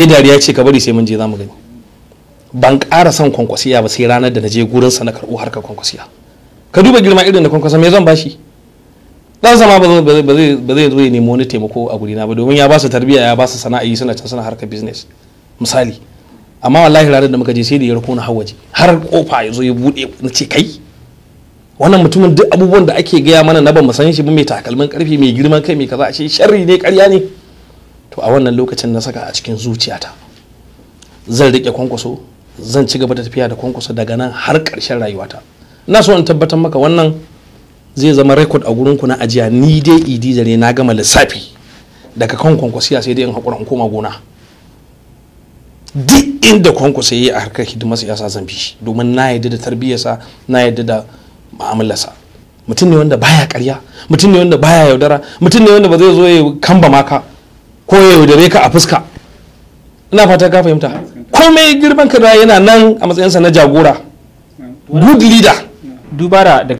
sai dariya ce ka bari sai mun je zamu gani ban ƙara son kwankwasiya ba sai ranar da na je gurinsa na karɓo harkar kwankwasiya ka duba girma irin da kwankwasa me zan bashi dan zama ba zai zo ya nemi wani taimako a na ba domin ya ba su tarbiyya ya ba su sana'a suna can suna harkar business misali amma wallahi ranar da muka je sai da ya rako na hawaje har kofa ya zo ya buɗe na ce kai wannan mutumin duk abubuwan da ake gaya mana na ban mu san shi ba mai takalmin karfi mai girman kai mai kaza a ce sharri ne ƙarya ne to a wannan lokacin na saka a cikin zuciyata zan rike kwankwaso zan ci gaba da tafiya da kwankwaso daga nan har ƙarshen rayuwata ina so in tabbatar maka wannan zai zama rekod a gurin ku na ajiya ni dai idi da na gama lissafi daga kan kwankwasiya sai dai in haƙura in koma gona duk inda kwankwaso yi a harkar hidimar siyasa zan bi shi domin na yadda da tarbiyyarsa na yadda da mu'amalarsa mutum ne wanda baya karya mutum ne wanda baya yaudara mutum ne wanda ba zai zo ya kamba maka ko ya yaudare ka a fuska ina fata ka fahimta komai girman kada yana nan a matsayinsa na jagora good leader duba da